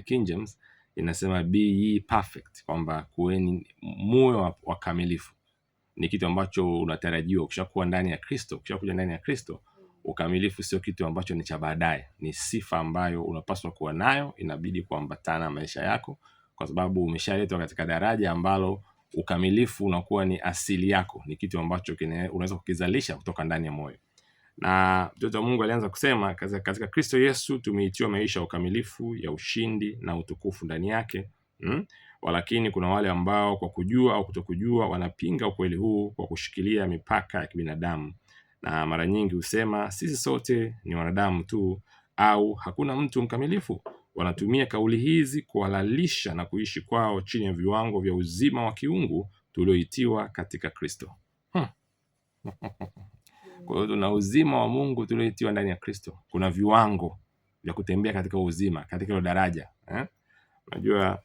King inasema be ye perfect, kwamba kuweni muwe wakamilifu. Ni kitu ambacho unatarajiwa ukishakuwa ndani ya Kristo, ukishakuja ndani ya Kristo. Ukamilifu sio kitu ambacho ni cha baadaye, ni sifa ambayo unapaswa kuwa nayo, inabidi kuambatana maisha yako, kwa sababu umeshaletwa katika daraja ambalo ukamilifu unakuwa ni asili yako, ni kitu ambacho unaweza kukizalisha kutoka ndani ya moyo na mtoto wa Mungu alianza kusema, katika Kristo Yesu tumeitiwa maisha ya ukamilifu ya ushindi na utukufu ndani yake hmm? Walakini kuna wale ambao kwa kujua au kutokujua wanapinga ukweli huu kwa kushikilia mipaka ya kibinadamu, na mara nyingi husema sisi sote ni wanadamu tu au hakuna mtu mkamilifu. Wanatumia kauli hizi kuhalalisha na kuishi kwao chini ya viwango vya uzima wa kiungu tulioitiwa katika Kristo hmm. Kwa hiyo tuna uzima wa Mungu tulioitiwa ndani ya Kristo. Kuna viwango vya kutembea katika uzima, katika hilo daraja eh? Unajua,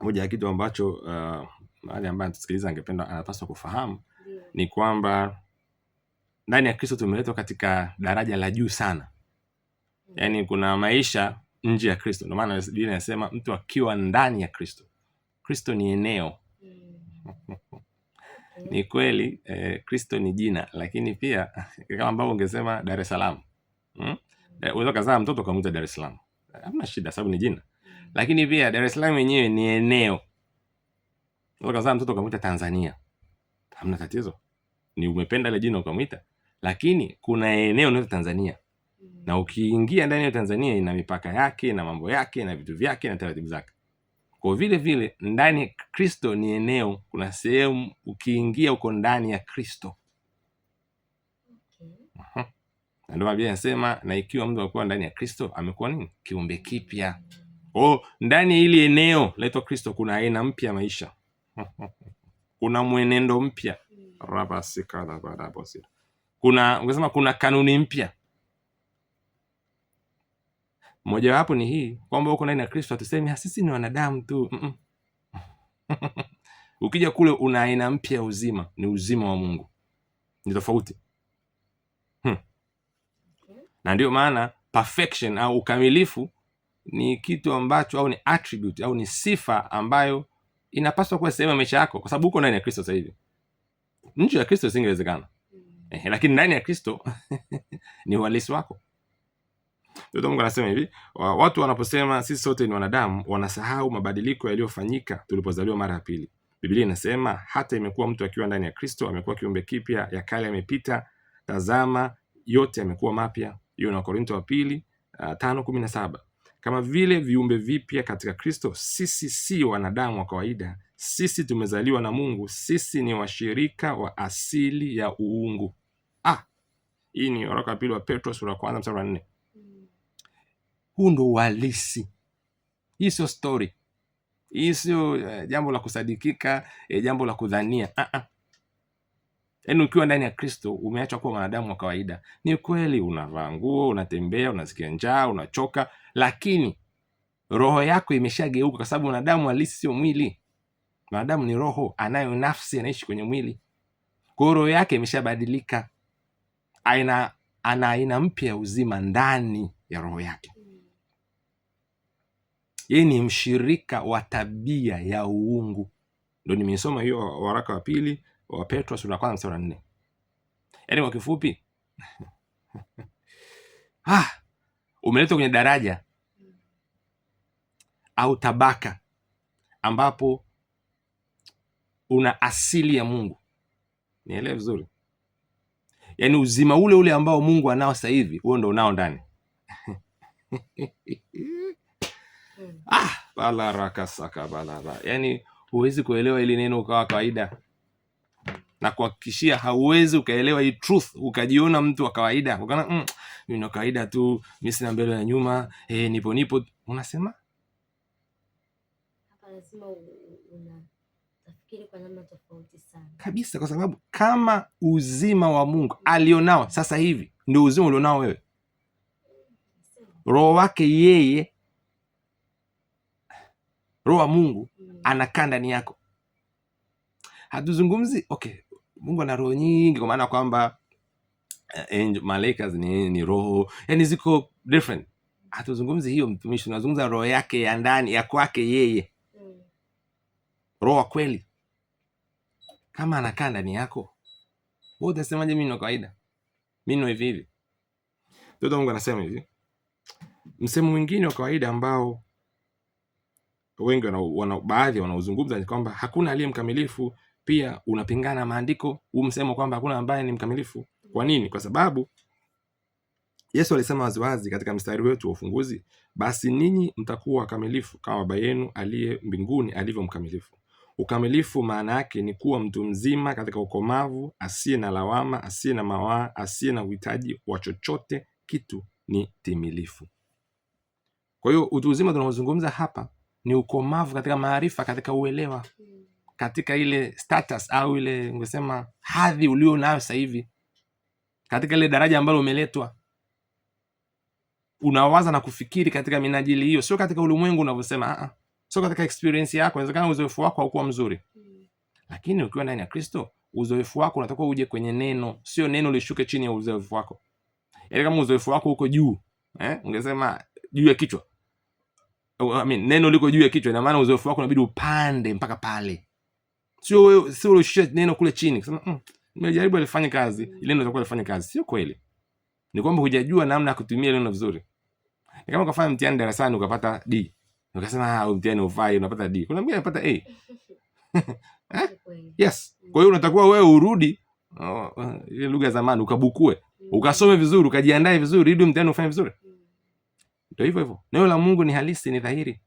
moja ya kitu ambacho uh, ambayo ambaye anatusikiliza angependa anapaswa kufahamu ni kwamba ndani ya Kristo tumeletwa katika daraja la juu sana, mm. yaani kuna maisha nje ya Kristo. Ndio maana Biblia inasema mtu akiwa ndani ya Kristo. Kristo ni eneo mm. Ni kweli eh, Kristo ni jina, lakini pia kama ambavyo ungesema Dar es Salaam hmm? Eh, unaweza ukazaa mtoto ukamwita Dar es Salaam, hamna shida, sababu ni jina. Lakini pia Dar es Salaam yenyewe ni eneo. Unaweza ukazaa mtoto ukamwita Tanzania, hamna tatizo, ni umependa ile jina ukamuita, lakini kuna eneo naitwa Tanzania na ukiingia ndani ya Tanzania ina mipaka yake na mambo yake na vitu vyake na taratibu zake. Kwa vile vile ndani ya Kristo ni eneo, kuna sehemu ukiingia uko ndani ya Kristo. Okay. Na ndio Biblia inasema na ikiwa mtu alikuwa ndani ya Kristo amekuwa nini? Kiumbe kipya. Oh, ndani ya hili eneo laitwa Kristo kuna aina mpya ya maisha. kuna mwenendo mpya. Hmm. Kuna ungesema kuna kanuni mpya mojawapo ni hii kwamba uko ndani ya Kristo hatusemi sisi ni wanadamu tu mm -mm. Ukija kule una aina mpya ya uzima, ni uzima wa Mungu, ni tofauti hmm. Na ndiyo maana perfection au ukamilifu ni kitu ambacho au ni attribute au ni sifa ambayo inapaswa kuwa sehemu ya maisha yako, kwa sababu uko ndani ya Kristo sasa hivi. Nje ya Kristo isingewezekana mm. eh, lakini ndani ya Kristo ni uhalisi wako Dodongo anasema hivi, watu wanaposema sisi sote ni wanadamu, wanasahau mabadiliko yaliyofanyika tulipozaliwa mara ya pili. Biblia inasema hata imekuwa mtu akiwa ndani ya Kristo amekuwa kiumbe kipya, ya kale yamepita, tazama yote yamekuwa mapya. Hiyo ni Wakorintho wa pili uh, tano kumi na saba. Kama vile viumbe vipya katika Kristo, sisi si wanadamu wa kawaida. Sisi tumezaliwa na Mungu, sisi ni washirika wa asili ya uungu. Ah, hii ni waraka wa pili wa Petro sura ya kwanza mstari wa nne. Huu ndo uhalisi. Hii sio stori, hii sio uh, jambo la kusadikika eh, jambo la kudhania uh-uh. Yaani ukiwa ndani ya Kristo umeachwa kuwa mwanadamu wa kawaida. Ni kweli unavaa nguo, unatembea, unasikia njaa, unachoka, lakini roho yako imeshageuka, kwa sababu mwanadamu halisi sio mwili. Mwanadamu ni roho, anayo nafsi, anaishi kwenye mwili. Kwa hiyo roho yake imeshabadilika, ana aina mpya ya uzima ndani ya roho yake yeye ni mshirika wa tabia ya uungu. Ndo nimesoma hiyo waraka wa pili wa Petro sura ya kwanza mstari wa nne. Yaani kwa kifupi ah, umeletwa kwenye daraja au tabaka ambapo una asili ya Mungu. Nielewe vizuri, yaani uzima ule ule ambao Mungu anao sasa hivi, huo ndo unao ndani ah, huwezi kuelewa ili neno ukawa kawaida na kuhakikishia hauwezi ukaelewa hii truth ukajiona mtu wa kawaida ukaona mm, mimi kawaida tu, mi sina mbele na nyuma eh, nipo nipo. Unasema kabisa, kwa sababu kama uzima wa Mungu alionao sasa hivi ndio uzima ulionao wewe, roho wake yeye Roho wa Mungu mm. anakaa ndani yako. Hatuzungumzi okay, Mungu ana roho nyingi, kwa maana kwamba eh, malaika ni, ni roho yani ziko different. Hatuzungumzi hiyo mtumishi, tunazungumza roho yake ya ndani ya kwake yeye, mm. roho wa kweli. Kama anakaa ndani yako, wewe utasemaje? Mimi kawaida, mimi nina hivi hivi. Mtoto Mungu anasema hivi, msemo mwingine wa kawaida ambao wengi wana, wana, baadhi wanaozungumza ni kwamba hakuna aliye mkamilifu. Pia unapingana maandiko huu msemo kwamba hakuna ambaye ni mkamilifu. Kwa nini? Kwa sababu Yesu alisema waziwazi katika mstari wetu wa ufunguzi, basi ninyi mtakuwa wakamilifu kama Baba yenu aliye mbinguni alivyo mkamilifu. Ukamilifu maana yake ni kuwa mtu mzima katika ukomavu, asiye na lawama, asiye na mawaa, asiye na uhitaji wa chochote kitu, ni timilifu. Kwa hiyo utu uzima tunaozungumza hapa ni ukomavu katika maarifa, katika uelewa, katika ile status au ile ungesema hadhi ulio nayo sasa hivi, katika ile daraja ambalo umeletwa unawaza na kufikiri katika minajili hiyo, sio katika ulimwengu unavyosema. A, ah, ah. sio katika experience yako. Inawezekana uzoefu wako haukuwa mzuri, lakini ukiwa ndani ya Kristo uzoefu wako unatakiwa uje kwenye neno, sio neno lishuke chini ya uzoefu wako. Yaani kama uzoefu wako uko juu eh, ungesema juu ya kichwa, I mean, neno liko juu ya kichwa. Ina maana uzoefu wako unabidi upande mpaka pale, sio wewe, sio ulishia neno kule chini kusema mm, alifanya kazi ile, ndio itakuwa alifanya kazi. Sio kweli, ni kwamba hujajua namna ya kutumia neno vizuri. Ni kama ukafanya mtihani darasani ukapata D ukasema ah, mtihani ufai, unapata D, kuna mwingine anapata A eh? Yes, kwa hiyo unatakuwa wewe urudi oh, eh, ile oh, uh, lugha ya zamani ukabukue, mm. ukasome vizuri, ukajiandae vizuri, ili mtihani ufanye vizuri. Ndio hivyo hivyo, neno la Mungu ni halisi, ni dhahiri.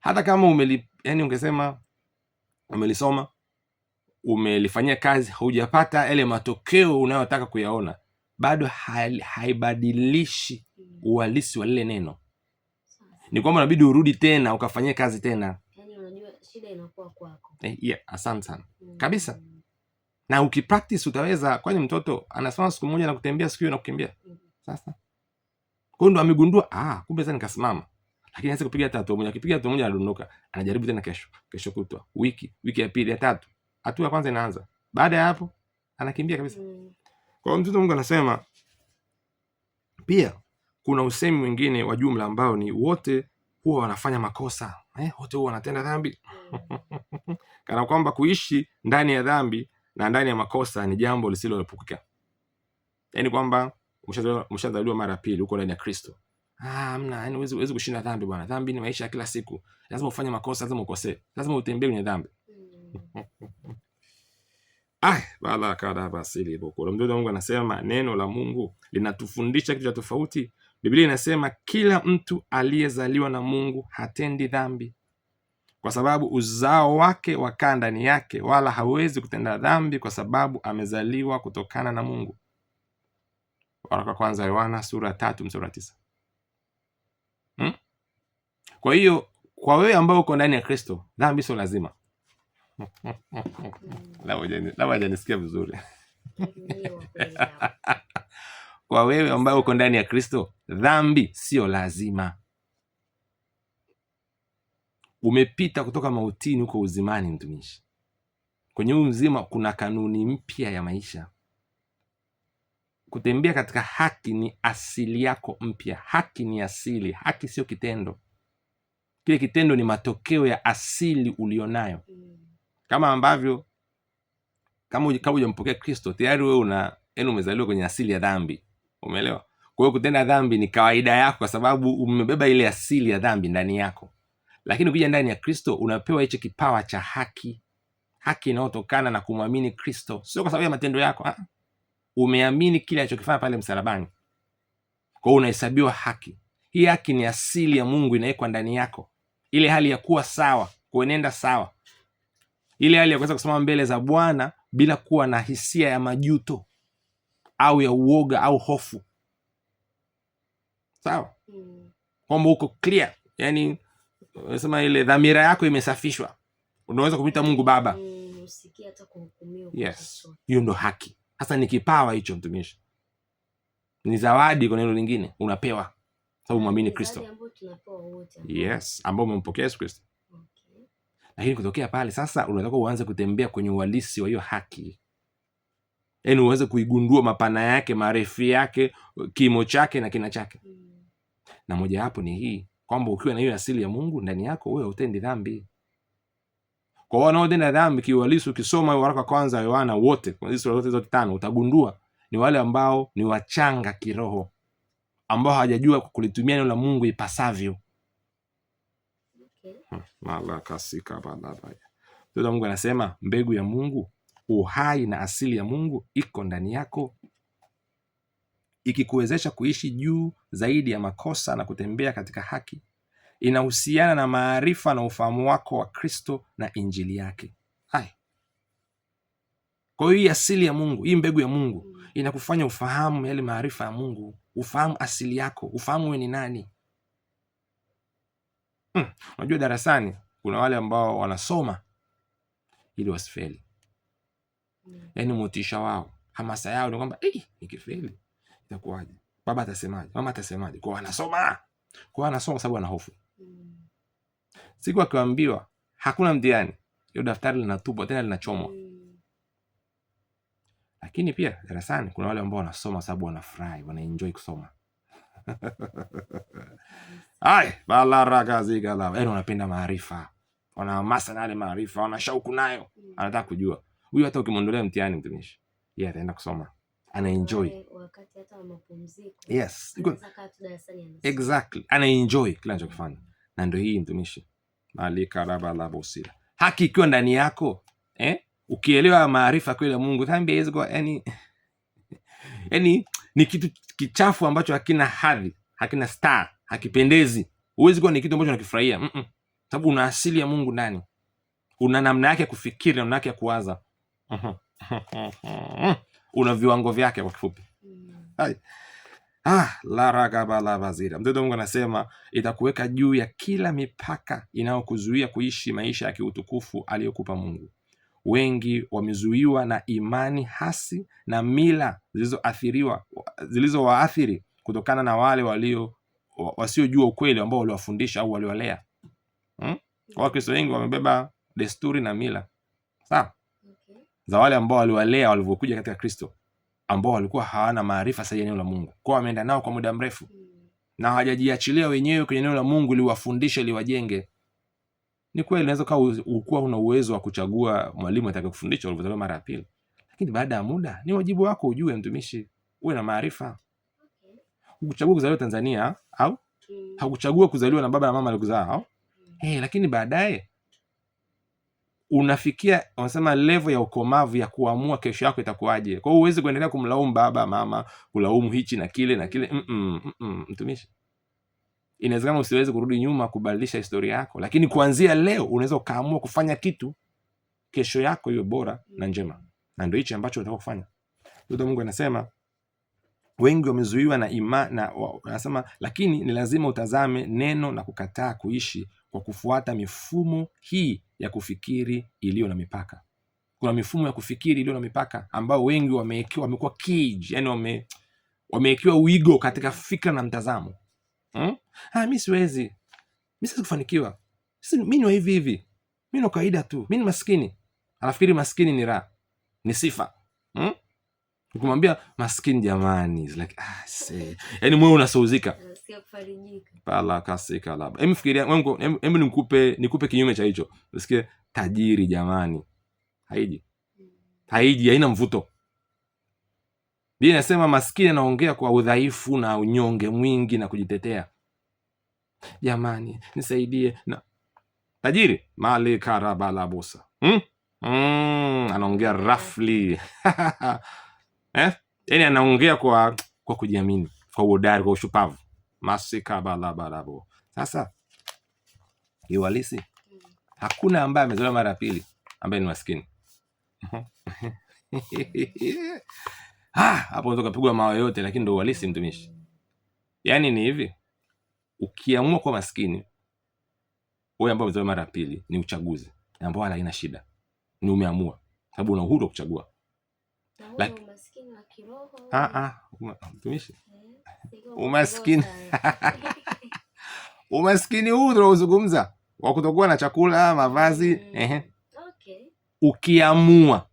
Hata kama umeli, yani ungesema umelisoma, umelifanyia kazi, hujapata yale matokeo unayotaka kuyaona, bado haibadilishi uhalisi wa lile neno. Ni kwamba unabidi urudi tena ukafanyia kazi tena. Yaani shida inakuwa kwako. Eh, yeah, asante sana mm. Kabisa na ukipractice utaweza, kwani mtoto anasema siku moja na kutembea siku hiyo na kukimbia mm. Sasa kwa hiyo ndo amegundua ah, kumbe sasa nikasimama. Lakini anaweza kupiga hatua moja, akipiga hatua moja anadondoka, anajaribu tena kesho, kesho kutwa, wiki, wiki ya pili, ya tatu. Hatua ya kwanza inaanza. Baada ya hapo anakimbia kabisa. Mm. Kwa hiyo mtoto Mungu anasema pia kuna usemi mwingine wa jumla ambao ni wote huwa wanafanya makosa eh, wote huwa wanatenda dhambi kana kwamba kuishi ndani ya dhambi na ndani ya makosa ni jambo lisiloepukika, yaani kwamba umeshazaliwa mara pili, huko ndani ya Kristo. Ah, mna yani uwezi huwezi kushinda dhambi bwana. Dhambi ni maisha ya kila siku. Lazima ufanye makosa, lazima ukosee. Lazima utembee kwenye dhambi. Mm. Ah, bala kada basili boko. Mdodo Mungu anasema neno la Mungu linatufundisha kitu cha tofauti. Biblia inasema kila mtu aliyezaliwa na Mungu hatendi dhambi kwa sababu uzao wake wakaa ndani yake, wala hawezi kutenda dhambi kwa sababu amezaliwa kutokana na Mungu waraka kwanza Yohana sura tatu mstari wa tisa hmm? Kwa hiyo kwa wewe ambao uko ndani ya Kristo dhambi sio lazima. Labda hajanisikia vizuri kwa wewe ambayo uko ndani ya Kristo dhambi sio lazima. Umepita kutoka mautini huko uzimani, mtumishi. Kwenye huu mzima kuna kanuni mpya ya maisha kutembea katika haki ni asili yako mpya. Haki ni asili, haki sio kitendo. Kile kitendo ni matokeo ya asili ulionayo, kama ambavyo kama ujampokea Kristo tayari wewe una yani umezaliwa kwenye asili ya dhambi, umeelewa? Kwa hiyo kutenda dhambi ni kawaida yako, kwa sababu umebeba ile asili ya dhambi ndani yako. Lakini ukija ndani ya Kristo unapewa hicho kipawa cha haki, haki inayotokana na kumwamini Kristo, sio kwa sababu ya matendo yako ha? Ah umeamini kile alichokifanya pale msalabani, kwao unahesabiwa haki. Hii haki ni asili ya Mungu inawekwa ndani yako, ile hali ya kuwa sawa, kuenenda sawa, ile hali ya kuweza kusimama mbele za Bwana bila kuwa na hisia ya majuto au ya uoga au hofu. Sawa, kwamba uko clear, yani sema ile dhamira yako imesafishwa, unaweza kumwita Mungu Baba. Mm, yes, ndo haki. Sasa ni kipawa hicho, mtumishi, ni zawadi. Kwa neno lingine unapewa sababu mwamini Kristo, yes, ambao umempokea Yesu Kristo, Lakini kutokea pale sasa unataka uanze kutembea kwenye uhalisi wa hiyo haki, yaani uweze kuigundua mapana yake, marefu yake, kimo chake na kina chake, mm. Na mojawapo ni hii kwamba ukiwa na hiyo asili ya Mungu ndani yako, wewe hautendi dhambi. Kwa wanaotenda dhambi kiuhalisi, ukisoma waraka kwanza Yohana, wote zote zote tano, utagundua ni wale ambao ni wachanga kiroho, ambao hawajajua kulitumia neno la Mungu ipasavyo. Hmm, Mtoto Mungu anasema mbegu ya Mungu, uhai na asili ya Mungu iko ndani yako, ikikuwezesha kuishi juu zaidi ya makosa na kutembea katika haki inahusiana na maarifa na ufahamu wako wa Kristo na injili yake. Hai. Kwa hiyo hii asili ya Mungu, hii mbegu ya Mungu inakufanya ufahamu yale maarifa ya Mungu, ufahamu asili yako, ufahamu wewe ni nani. Hmm. Unajua hmm, darasani kuna wale ambao wanasoma ili wasifeli, yaani motisha wao, hamasa yao ni kwamba nikifeli itakuwaje? Baba atasemaje? Mama atasemaje? Kwa wanasoma, kwa wanasoma kwa sababu wana hofu. Siku akiambiwa hakuna mtihani, hiyo daftari linatupwa tena linachomwa. Lakini pia darasani kuna wale ambao wanasoma sababu wanafurahi, wanaenjoi kusoma ay balarakazikala, yaani wanapenda maarifa, wana nale maarifa, wana shauku nayo, anataka kujua. Huyu hata ukimwondolea mtihani mtumishi, ye yeah, ataenda kusoma anaenjoy yes. Exactly, anaenjoy kila nachokifanya na ndio hii mtumishi malikarabalabosila haki ikiwa ndani yako eh? ukielewa maarifa kweli ya Mungu dhambi hizo kwa yani, yani ni kitu kichafu ambacho hakina hadhi hakina star hakipendezi. Huwezi kuwa ni kitu ambacho unakifurahia mm -mm. Sababu una asili ya Mungu ndani, una namna yake ya kufikiri, namna yake ya kuwaza una viwango vyake, kwa kifupi. Mm. Ah, laragabalabazira mtoto Mungu anasema itakuweka juu ya kila mipaka inayokuzuia kuishi maisha ya kiutukufu aliyokupa Mungu. Wengi wamezuiwa na imani hasi na mila zilizoathiriwa zilizowaathiri kutokana na wale walio wasiojua ukweli ambao waliwafundisha au waliwalea. Hmm? hmm. Wakristo wengi wamebeba desturi na mila sawa, za wale ambao waliwalea walivyokuja katika Kristo ambao walikuwa hawana maarifa sahihi ya neno la Mungu, Kwa wameenda nao kwa muda mrefu hmm. na hawajajiachilia wenyewe kwenye neno la Mungu liwafundishe liwajenge. Ni kweli unaweza ulikuwa una uwezo wa kuchagua mwalimu atakayekufundisha ulivyotolewa mara ya pili, lakini baada ya muda ni wajibu wako ujue, mtumishi, uwe na maarifa. Hukuchagua kuzaliwa Tanzania au hmm. hakuchagua kuzaliwa na baba na mama alikuzaa au hmm. eh, lakini baadaye unafikia wanasema levo ya ukomavu ya kuamua kesho yako itakuwaje. Kwa hiyo huwezi kuendelea kumlaumu baba, mama, kulaumu hichi na kile na kile. mm -mm, mm -mm, mtumishi, inawezekana usiwezi kurudi nyuma kubadilisha historia yako, lakini kuanzia leo unaweza ukaamua kufanya kitu kesho yako iwe bora na njema, na ndio hichi ambacho unataka kufanya. Ndio Mungu anasema wengi wamezuiwa na ima, na, wa, anasema lakini ni lazima utazame neno na kukataa kuishi kwa kufuata mifumo hii ya kufikiri iliyo na mipaka. Kuna mifumo ya kufikiri iliyo na mipaka ambao wengi wamewekewa, wamekuwa cage, yani wame wamewekewa uigo katika fikra na mtazamo hmm? Ah, mi siwezi, mi siwezi kufanikiwa, mi ni hivi hivi, mi ni kawaida tu, mi ni maskini. Anafikiri maskini ni raha, ni sifa hmm? Ukimwambia maskini jamani, like, ah, yani moyo unasauzika pala kasika labda. Hebu fikiria, hebu nikupe nikupe kinyume cha hicho, usikie tajiri jamani, haiji haiji, haina mvuto. bii nasema maskini anaongea kwa udhaifu na unyonge mwingi na kujitetea, jamani nisaidie. Na tajiri mali karabalabusa hmm? mm, anaongea rafli eh? Yani anaongea kwa kwa kujiamini, kwa uhodari, kwa ushupavu. Masikabalabo. Sasa iwalisi hakuna ambaye amezaliwa mara ya pili ambaye ni maskini ah, hapo unaweza kapigwa mawe yote, lakini ndo uhalisi mtumishi. Yaani ni hivi, ukiamua kuwa maskini wewe ambao umezaliwa mara ya pili, ni uchaguzi ambao wala haina shida, ni umeamua, sababu una uhuru wa kuchagua. Laki, Ah, ah, mtumishi, eh, umaskini umaskini huu tunaozungumza wa kutokuwa na chakula, mavazi mm. ehe. Okay. Ukiamua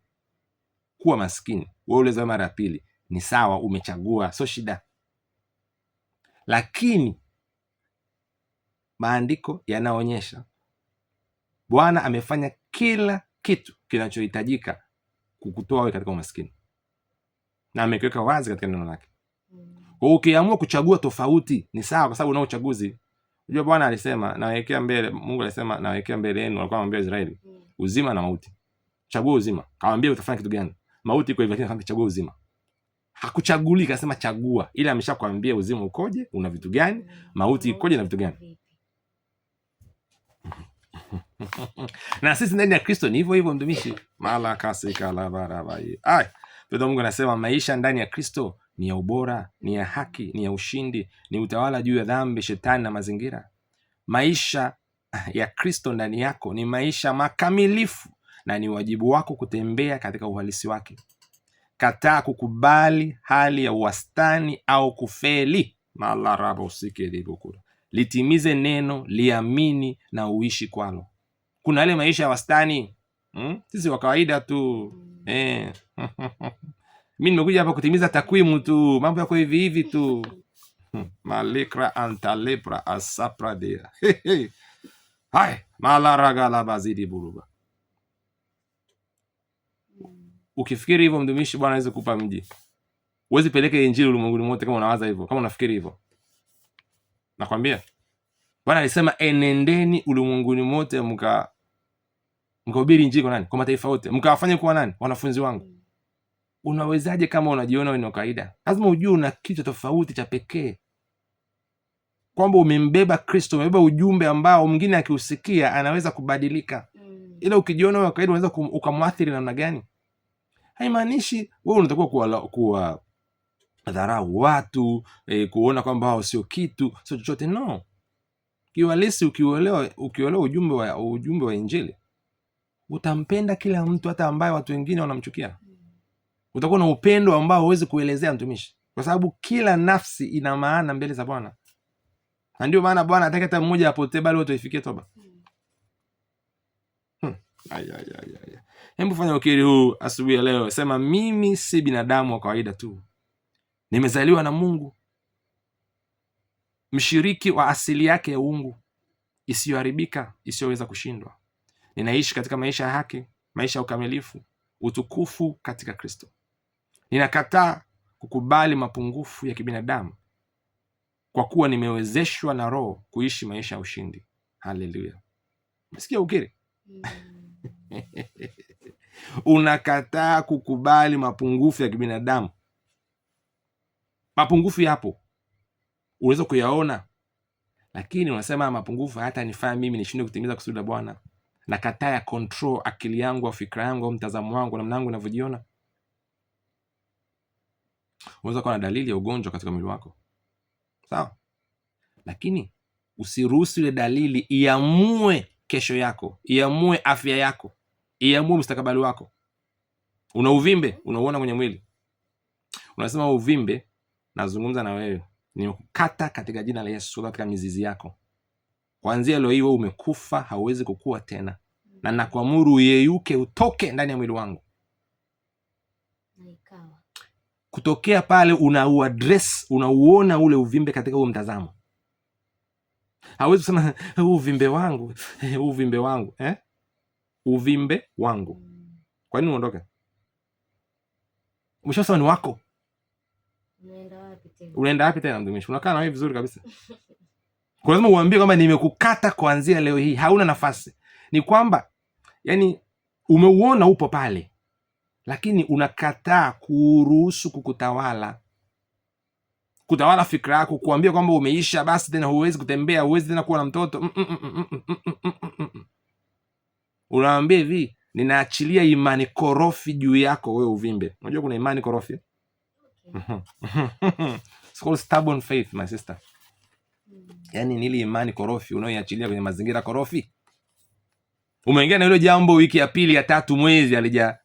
kuwa maskini we ulezo mara ya pili ni sawa, umechagua, sio shida, lakini maandiko yanaonyesha Bwana amefanya kila kitu kinachohitajika kukutoa wewe katika umaskini na amekiweka wazi katika neno lake. Mm. Kwa hiyo ukiamua kuchagua tofauti ni sawa, kwa sababu unao uchaguzi. Unajua Bwana alisema nawekea mbele, Mungu alisema nawekea mbele yenu, alikuwa anamwambia Israeli mm. uzima na mauti, chagua uzima. Kawaambia utafanya kitu gani? Mauti kwa hivyo, lakini chagua uzima. Hakuchaguli, kasema chagua, ila ameshakwambia uzima ukoje, una vitu gani, mm. mauti ikoje na vitu gani. na sisi ndani ya Kristo ni hivyo hivyo, mtumishi mala kasika la barabai ai Mpendo Mungu anasema maisha ndani ya Kristo ni ya ubora, ni ya haki, ni ya ushindi, ni utawala juu ya dhambi, shetani na mazingira. Maisha ya Kristo ndani yako ni maisha makamilifu na ni wajibu wako kutembea katika uhalisi wake. Kataa kukubali hali ya uwastani au kufeli. Litimize neno, liamini na uishi kwalo. Kuna yale maisha ya wastani, hmm? sisi wa kawaida tu eh. mi nimekuja hapa kutimiza takwimu tu, mambo yako hivi hivi tu hmm. malikra antalepra asapradea hai bazidi buruba. Ukifikiri hivyo, mdumishi, Bwana aweze kupa mji, Uwezi peleke injili ulimwenguni mote. Kama unawaza hivyo, kama unafikiri hivyo, nakwambia Bwana alisema enendeni ulimwenguni mote mka mkahubiri injili kwa nani? Kwa mataifa yote, mkawafanya kuwa nani? Wanafunzi wangu. Mm. Unawezaje kama unajiona wewe ni kawaida? Lazima ujue una kitu tofauti cha pekee, kwamba umembeba Kristo, umebeba ujumbe ambao mwingine akiusikia anaweza kubadilika. Mm. Ila ukijiona wewe kawaida, unaweza ukamwathiri namna gani? Haimaanishi wewe unatakiwa kuwa, kuwa dharau watu eh, kuona kwamba wao sio kitu sio chochote. No, kiuhalisi ukiuelewa, ukiuelewa ujumbe wa ujumbe wa Injili utampenda kila mtu, hata ambaye watu wengine wanamchukia. Utakuwa na upendo ambao huwezi kuelezea, mtumishi, kwa sababu kila nafsi ina maana mbele za Bwana, na ndio maana Bwana hataki hata mmoja apotee, bali wote waifikie toba. Hmm. Hebu fanya ukiri huu asubuhi ya leo, sema mimi si binadamu wa kawaida tu, nimezaliwa na Mungu, mshiriki wa asili yake ya uungu isiyoharibika, isiyoweza kushindwa ninaishi katika maisha ya haki, maisha ya ukamilifu, utukufu katika Kristo. Ninakataa kukubali mapungufu ya kibinadamu kwa kuwa nimewezeshwa na Roho kuishi maisha ya ushindi. Haleluya! Msikia ukiri mm. unakataa kukubali mapungufu ya kibinadamu. Mapungufu yapo, unaweza kuyaona, lakini unasema mapungufu hata nifaa mimi nishindwe kutimiza kusudi la Bwana nakataa ya control akili yangu au fikra yangu au mtazamo wangu namna yangu inavyojiona unaweza kuwa na dalili ya ugonjwa katika mwili wako sawa lakini usiruhusu ile dalili iamue kesho yako iamue afya yako iamue mustakabali wako una uvimbe unauona kwenye mwili unasema uvimbe nazungumza na wewe ni kata katika jina la yesu katika mizizi yako kuanzia leo hii wewe umekufa, hauwezi kukua tena, na nakuamuru uyeyuke, utoke ndani ya mwili wangu. Kutokea pale unauadres, unauona ule uvimbe katika huo mtazamo. Hawezi kusema huu uvimbe wangu eh, uvimbe wangu eh? uvimbe wangu. Mm. Kwa nini uondoke? Umeshasema ni wako, unaenda wapi tena mtumishi? Unakaa na wewe vizuri kabisa Kwa lazima uambie kwamba nimekukata kuanzia leo hii, hauna nafasi. Ni kwamba yani umeuona upo pale, lakini unakataa kuruhusu kukutawala, kutawala fikra yako, kuambia kwamba umeisha basi, tena huwezi kutembea, huwezi tena kuwa na mtoto mm -mm -mm -mm -mm -mm -mm. mm, mm, mm hivi, ninaachilia imani korofi juu yako wewe uvimbe. Unajua kuna imani korofi It's called stubborn faith, my sister yani nili imani korofi unaoiachilia kwenye mazingira korofi. Umeingia na hilo jambo wiki ya pili ya tatu mwezi alija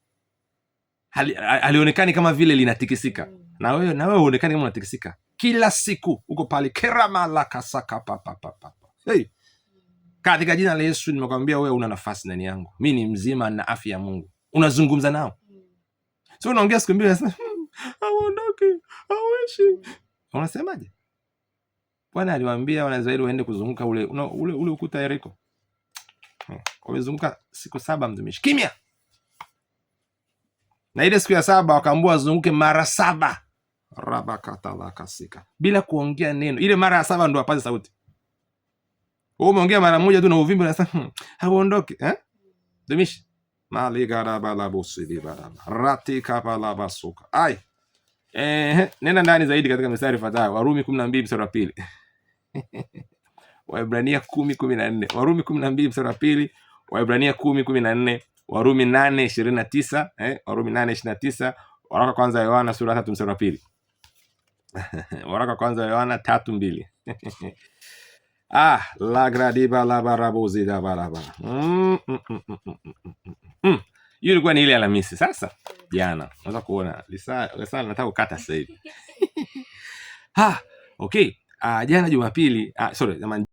alionekani kama vile linatikisika. Na wewe na wewe uonekani kama unatikisika. Kila siku uko pale kerama la kasaka pa pa pa pa. Hey. Katika jina la Yesu nimekwambia wewe una nafasi ndani yangu. Mimi ni mzima na afya ya Mungu. Unazungumza nao. Sio unaongea siku mbili unasema hmm, haondoki, hawishi. Unasemaje? Bwana aliwaambia wana Israeli waende kuzunguka ule no, ule ule ukuta Yeriko. Hmm. Wamezunguka siku saba, mtumishi kimya. Na ile siku ya saba wakaambua wazunguke mara saba rabakatalakasika bila kuongea neno. Ile mara ya saba ndo wapaze sauti. Wewe umeongea mara moja tu na uvimbe na sasa hmm, hauondoki eh? Mtumishi mali garabala busi baraba rati kapala basuka ai Eh, nenda ndani zaidi katika mistari ifuatayo. Warumi 12 mstari wa pili. Waebrania 10 14. Warumi 12 mstari wa pili, Waebrania 10 14, Warumi 8 29, eh, Warumi 8 29, waraka kwanza Yohana sura 3 mstari wa pili. Waraka kwanza Yohana 3:2. Ah, la gradiba la barabuzi da baraba. Mm, mm, mm, mm, mm, mm. mm, mm hiyo ilikuwa ni ile Alhamisi. Sasa jana unaweza kuona lisa nataka kukata sasa hivi. Ha, okay. Ah, jana Jumapili, uh, sorry, jamani